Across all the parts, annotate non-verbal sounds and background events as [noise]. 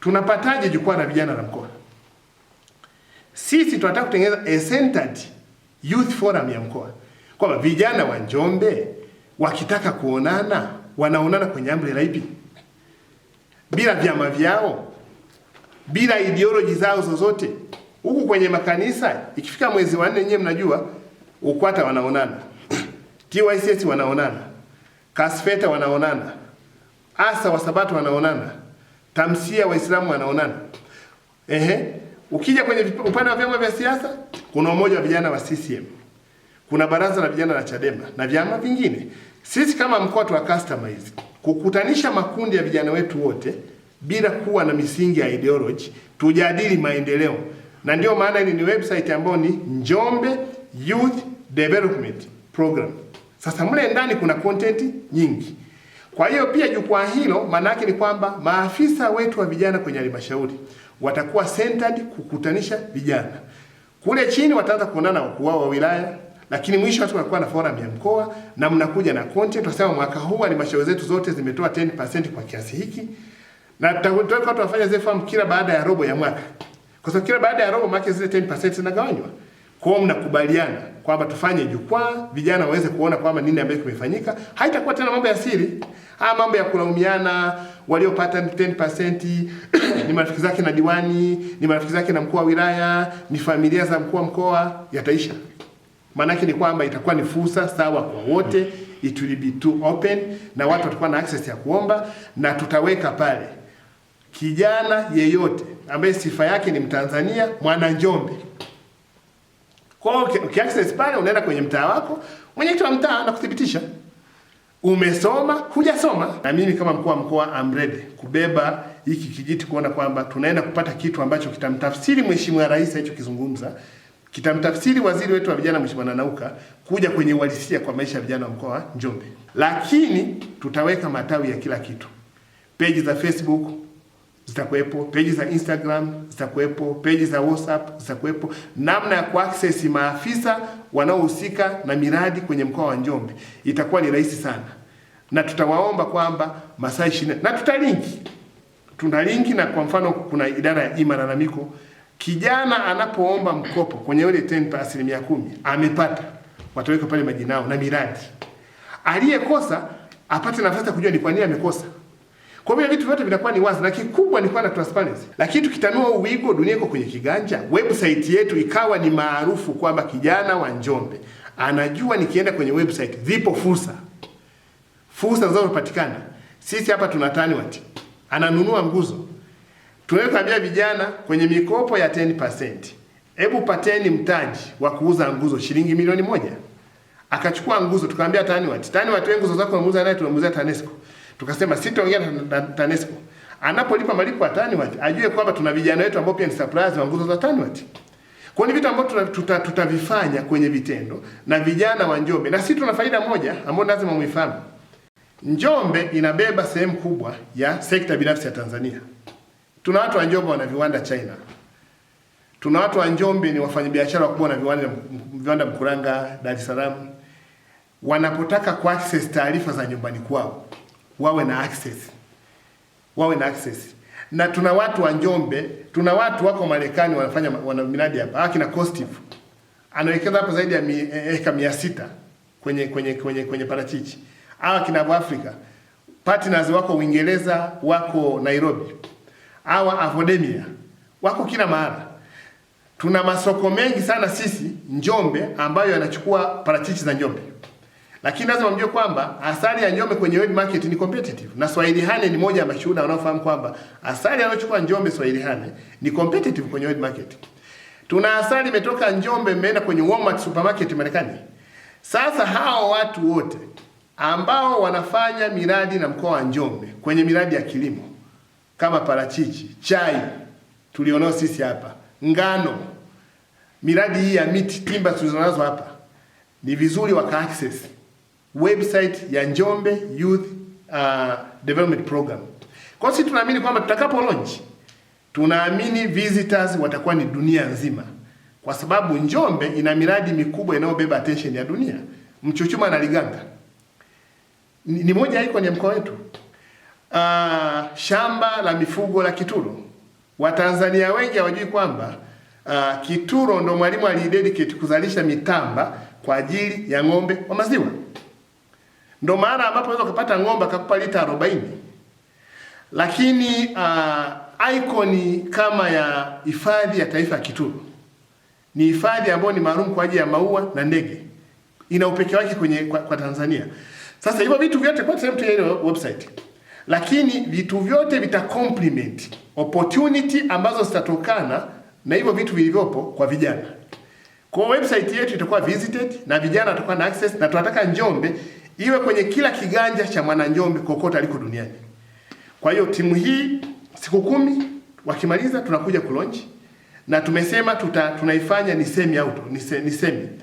Tunapataje jukwaa la vijana la mkoa? Sisi tunataka kutengeneza a centered youth forum ya mkoa, kwamba vijana wa Njombe wakitaka kuonana wanaonana kwenye umbrella ipi, bila vyama vyao, bila ideology zao zozote. Huku kwenye makanisa ikifika mwezi wa nne, nyewe mnajua UKWATA wanaonana, TYCS [clears throat] wanaonana, KASFETA wanaonana hasa wasabato wanaonana, tamsia waislamu wanaonana. Ehe, ukija kwenye upande wa vyama vya siasa kuna umoja wa vijana wa CCM, kuna baraza la vijana la Chadema na vyama vingine. Sisi kama mkoa tu customize kukutanisha makundi ya vijana wetu wote bila kuwa na misingi ya ideology, tujadili maendeleo, na ndio maana ni website ambayo ni Njombe Youth Development Program. Sasa mle ndani kuna content nyingi. Kwa hiyo pia jukwaa hilo maana yake ni kwamba maafisa wetu wa vijana kwenye halmashauri watakuwa centered kukutanisha vijana kule chini, wataanza kuonana na wakuu wao wa wilaya, lakini mwisho watu wanakuwa na forum ya mkoa, na mnakuja na content. Tunasema mwaka huu halmashauri zetu zote zimetoa 10% kwa kiasi hiki, na tutakuwa tunafanya zile forum kila baada ya robo ya mwaka, kwa sababu kila baada ya robo maana zile 10% zinagawanywa kwao mnakubaliana kwamba tufanye jukwaa, vijana waweze kuona kwamba nini ambacho kimefanyika. Haitakuwa tena mambo ya siri, haya mambo ya kulaumiana, waliopata 10% [clears throat] ni marafiki zake na diwani, ni marafiki zake na mkuu wa wilaya, ni familia za mkuu wa mkoa, yataisha. Maanake ni kwamba itakuwa ni fursa sawa kwa wote, it will be too open, na watu watakuwa na access ya kuomba, na tutaweka pale kijana yeyote ambaye sifa yake ni Mtanzania, mwana Njombe kwa hiyo ukiaccess pale unaenda kwenye mtaa wako, mwenyekiti wa mtaa na kuthibitisha umesoma, hujasoma. Na mimi kama mkuu wa mkoa am ready kubeba hiki kijiti kuona kwamba tunaenda kupata kitu ambacho kitamtafsiri Mheshimiwa Rais kizungumza, kitamtafsiri waziri wetu wa vijana Mheshimiwa Nanauka kuja kwenye uhalisia kwa maisha ya vijana wa mkoa Njombe. Lakini tutaweka matawi ya kila kitu, peji za Facebook zitakuwepo, peji za Instagram zitakuwepo, peji za WhatsApp zitakuwepo, namna ya kuaccess maafisa wanaohusika na miradi kwenye mkoa wa Njombe itakuwa ni rahisi sana, na tutawaomba kwamba masaa ishirini na tutalinki, tunalinki. Na kwa mfano, kuna idara ya malalamiko, kijana anapoomba mkopo kwenye ile 10 asilimia kumi amepata, wataweka pale majina yao na miradi, aliyekosa apate nafasi ya kujua ni kwa nini amekosa. Kwa hiyo vitu vyote vinakuwa ni wazi na kikubwa ni kuwa na transparency. Lakini tukitanua uwigo, dunia iko kwenye kiganja, website yetu ikawa ni maarufu kwamba kijana wa Njombe anajua nikienda kwenye website zipo fursa, fursa zinazopatikana. Sisi hapa tuna TanNet, ananunua nguzo, tunawekabia vijana kwenye mikopo ya 10%. Hebu pateni mtaji wa kuuza nguzo shilingi milioni moja. Akachukua nguzo, tukamwambia TanNet, TanNet, nguzo zako unauza naye tunamuuzia TANESCO Tukasema sitaongea na TANESCO. Anapolipa malipo ya TANWAT ajue kwamba tuna vijana wetu ambao pia ni suppliers wa nguzo za TANWAT. Kwa ni vitu ambavyo tuta, tutavifanya kwenye vitendo na vijana wa Njombe, na sisi tuna faida moja ambayo lazima muifahamu. Njombe inabeba sehemu kubwa ya sekta binafsi ya Tanzania. Tuna watu wa Njombe wana viwanda China. Tuna watu wa Njombe ni wafanyabiashara wakubwa na viwanda viwanda Mkuranga, Dar es Salaam. Wanapotaka kuaccess taarifa za nyumbani kwao wawe na access, wawe na access. Na tuna watu wa Njombe, tuna watu wako Marekani wanafanya wana miradi hapa, akina Costive anawekeza hapa zaidi ya e, eka mia sita kwenye kwenye kwenye kwenye parachichi. Hawa kina Afrika partners wako Uingereza, wako Nairobi, hawa Afodemia wako kila mahali. Tuna masoko mengi sana sisi Njombe ambayo yanachukua parachichi za Njombe. Lakini lazima mjue kwamba asali ya Njombe kwenye web market ni competitive na Swahili Hane ni moja ya mashuhuda wanaofahamu kwamba asali anayochukua Njombe Swahili Hane ni competitive kwenye web market. Tuna asali imetoka Njombe imeenda kwenye Walmart supermarket Marekani. Sasa hao watu wote ambao wanafanya miradi na mkoa wa Njombe kwenye miradi ya kilimo kama parachichi, chai tulionao sisi hapa, ngano, miradi hii ya miti, timba tulizonazo hapa, ni vizuri waka access website ya Njombe Youth uh, Development Program. Kwa sisi tunaamini kwamba tutakapo launch, tunaamini visitors watakuwa ni dunia nzima, kwa sababu Njombe ina miradi mikubwa inayobeba attention ya dunia. Mchuchuma na Liganga ni, ni moja iko ya mkoa wetu. Uh, shamba la mifugo la Kituro, Watanzania wengi hawajui kwamba uh, Kituro ndo mwalimu alidedicate kuzalisha mitamba kwa ajili ya ng'ombe wa maziwa. Ndo maana ambapo unaweza kupata ng'ombe akakupa lita 40. Lakini uh, icon kama ya hifadhi ya taifa ya Kitulo ni hifadhi ambayo ni maalum kwa ajili ya maua na ndege. Ina upekee wake kwenye kwa, kwa Tanzania. Sasa hivyo vitu vyote kwa sehemu ile website. Lakini vitu vyote vita complement opportunity ambazo zitatokana na hivyo vitu vilivyopo kwa vijana. Kwa website yetu itakuwa visited na vijana watakuwa na access na tunataka Njombe iwe kwenye kila kiganja cha mwananjombe kokote aliko duniani. Kwa hiyo timu hii siku kumi wakimaliza tunakuja kulonchi na tumesema tuta, tunaifanya ni semi auto ni semi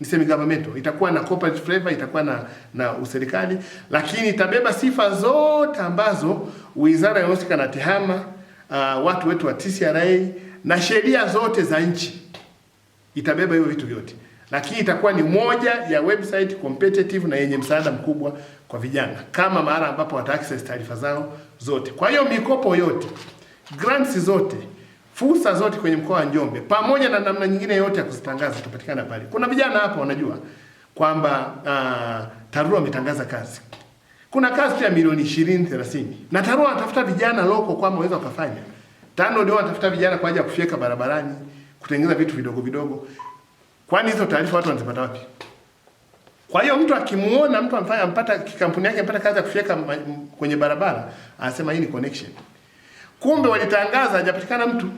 ni semi governmental, itakuwa na corporate flavor, itakuwa na na userikali, lakini itabeba sifa zote ambazo wizara yahusika na tehama uh, watu wetu wa TCRA na sheria zote za nchi itabeba hiyo vitu vyote lakini itakuwa ni moja ya website competitive na yenye msaada mkubwa kwa vijana kama mahala ambapo wata access taarifa zao zote. Kwa hiyo mikopo yote, grants zote, fursa zote kwenye mkoa wa Njombe pamoja na namna nyingine yote ya kuzitangaza tupatikana pale. Kuna vijana hapa wanajua kwamba uh, ah, TARURA wametangaza kazi. Kuna kazi ya milioni 20 30. Na TARURA anatafuta vijana loko kwa waweza kufanya. tano ndio anatafuta vijana kwa ajili ya kufyeka barabarani, kutengeneza vitu vidogo vidogo. Kwani hizo taarifa watu wanazipata wapi? Kwa hiyo mtu akimuona mtu amfanya ampata kampuni yake ampata kazi ya kufyeka kwenye barabara, anasema hii ni connection. Kumbe walitangaza hajapatikana mtu.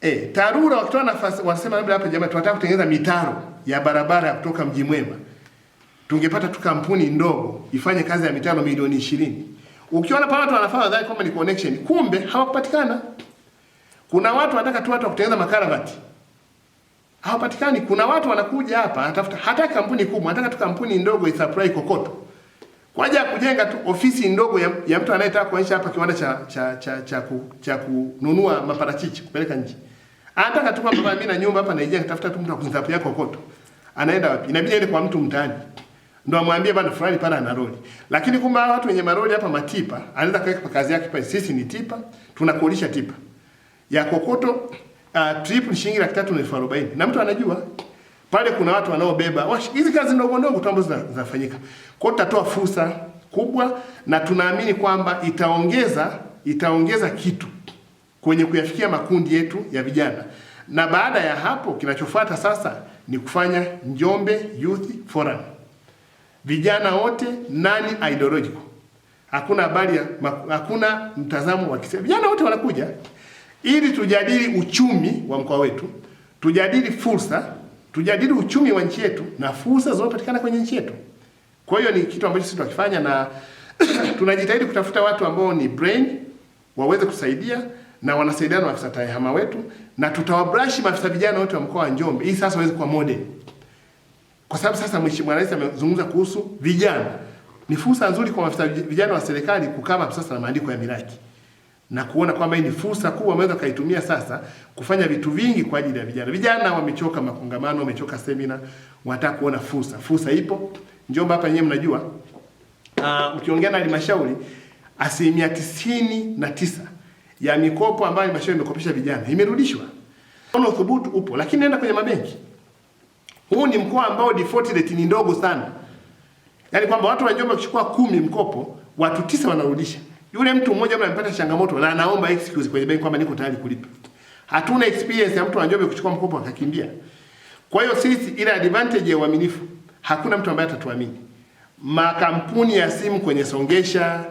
Eh, TARURA wakitoa nafasi wanasema labda hapa jamaa tunataka kutengeneza mitaro ya barabara ya kutoka Mji Mwema. Tungepata tu kampuni ndogo ifanye kazi ya mitaro milioni ishirini. Ukiona pale watu wanafanya wadhani kwamba ni connection, kumbe hawakupatikana. Kuna watu wanataka tu watu wa kutengeneza makaravati hawapatikani. Kuna watu wanakuja hapa anatafuta hata kampuni kubwa, anataka tu kampuni ndogo isupply kokoto kwa ajili ya kujenga tu ofisi ndogo ya, ya mtu anayetaka kuanzisha hapa kiwanda cha cha cha cha, ku, cha kununua maparachichi kupeleka nje. Anataka tu kwamba mimi na nyumba hapa naijenga, tafuta tu mtu akuzapu yako kokoto. Anaenda wapi? Inabidi aende kwa mtu mtaani. ndo amwambie bana fulani pale ana roli. Lakini kumbe hao watu wenye maroli hapa matipa, anaweza kaweka kazi yake pale. Sisi ni tipa, tunakodisha tipa. Ya kokoto uh, trip ni shilingi laki tatu na elfu arobaini na mtu anajua pale kuna watu wanaobeba hizi kazi ndogo ndogo tu ambazo zinafanyika. Kwa hiyo tutatoa fursa kubwa, na tunaamini kwamba itaongeza itaongeza kitu kwenye kuyafikia makundi yetu ya vijana, na baada ya hapo kinachofuata sasa ni kufanya Njombe Youth Forum, vijana wote nani ideological, hakuna habari, hakuna mtazamo wa kisiasa, vijana wote wanakuja ili tujadili uchumi wa mkoa wetu, tujadili fursa, tujadili uchumi wa nchi yetu na fursa zinazopatikana kwenye nchi yetu. Kwa hiyo ni kitu ambacho sisi tunakifanya na [clears throat] tunajitahidi kutafuta watu ambao ni brain waweze kusaidia na wanasaidiana na afisa TEHAMA wetu, na tutawabrashi maafisa vijana wote wa mkoa wa Njombe ili sasa waweze kuwa model, kwa sababu sasa Mheshimiwa Rais amezungumza kuhusu vijana. Ni fursa nzuri kwa maafisa vijana wa serikali kukaa sasa na maandiko ya miradi na kuona kwamba hii ni fursa kubwa ambayo kaitumia sasa kufanya vitu vingi kwa ajili ya vijana. Vijana wamechoka makongamano, wamechoka semina, wanataka kuona fursa. Fursa ipo Njomba hapa yenyewe, mnajua uh, ukiongea uh, na halmashauri asilimia tisini na tisa ya mikopo ambayo halmashauri imekopesha vijana imerudishwa. Ono thubutu upo, lakini nenda kwenye mabenki. Huu ni mkoa ambao default rate ni ndogo sana, yaani kwamba watu wa Njomba wakichukua kumi mkopo, watu tisa wanarudisha. Yule mtu mmoja ambaye amepata changamoto na anaomba excuse kwenye benki kwamba niko tayari kulipa. Hatuna experience ya mtu anajua kuchukua mkopo akakimbia. Kwa hiyo sisi, ile advantage ya uaminifu, hakuna mtu ambaye atatuamini. Makampuni ya simu kwenye songesha,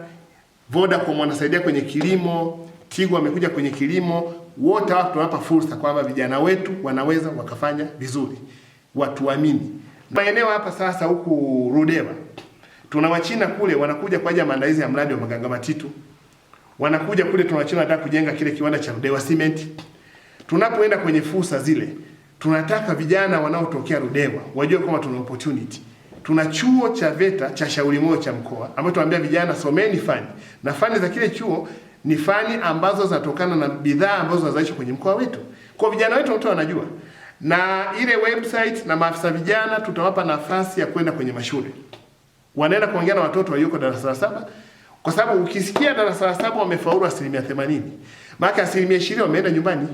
Vodacom wanasaidia kwenye kilimo, Tigo amekuja kwenye kilimo, wote hapa tunawapa fursa kwamba vijana wetu wanaweza wakafanya vizuri, watuamini. Maeneo hapa sasa huku Rudewa Tuna Wachina kule wanakuja kwa ajili ya maandalizi ya mradi wa Maganga Matitu. Wanakuja kule tuna Wachina wanataka kujenga kile kiwanda cha rudewa Cement. Tunapoenda kwenye fursa zile, tunataka vijana wanaotokea rudewa wajue kwamba tuna opportunity. Tuna chuo cha VETA cha Shauri Moyo cha mkoa ambacho tunaambia vijana someni fani. Na fani za kile chuo ni fani ambazo zinatokana na bidhaa ambazo zinazalishwa kwenye mkoa wetu. Kwa vijana wetu wote wanajua. Na ile website na maafisa vijana tutawapa nafasi ya kwenda kwenye mashule wanaenda kuongea na watoto walioko darasa la saba, kwa sababu ukisikia darasa la saba wamefaulu asilimia themanini, maana asilimia ishirini wameenda nyumbani.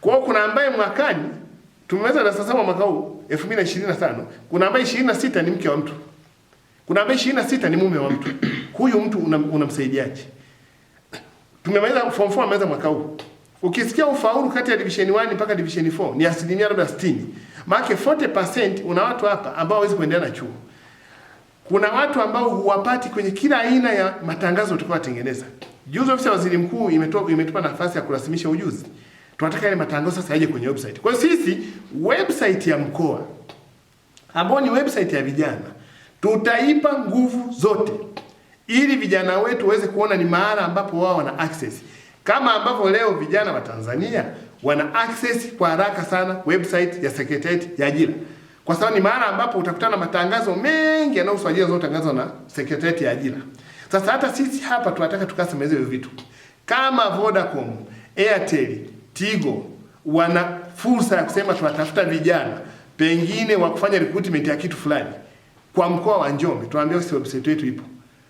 Kwa hiyo kuna ambaye mwakani tumemaliza darasa la saba mwaka huu 2025, kuna ambaye 26 ni mke wa mtu, kuna ambaye 26 ni mume wa mtu. Huyu mtu unamsaidiaje? Una tumemaliza form 4 ameweza mwaka huu Ukisikia ufaulu kati ya division 1 mpaka division 4 ni asilimia labda 60, maana 40% una watu hapa ambao hawezi kuendelea na chuo kuna watu ambao huwapati kwenye kila aina ya matangazo tutakayotengeneza. Juzi ofisi ya waziri mkuu imetoa imetupa nafasi ya kurasimisha ujuzi. Tunataka ile matangazo sasa yaje kwenye website. Kwa sisi website ya mkoa ambayo ni website ya vijana tutaipa nguvu zote ili vijana wetu waweze kuona ni mahala ambapo wao wana access, kama ambavyo leo vijana wa Tanzania wana access kwa haraka sana website ya Sekretarieti ya Ajira kwa sababu ni mahala ambapo utakutana matangazo mengi yanayohusu ajira zinazotangazwa na sekretarieti ya ajira. Sasa hata sisi hapa tunataka tukasemeze hizo vitu. Kama Vodacom, Airtel, Tigo wana fursa ya kusema tunatafuta vijana pengine wa kufanya recruitment ya kitu fulani kwa mkoa wa Njombe, tuambie website yetu ipo.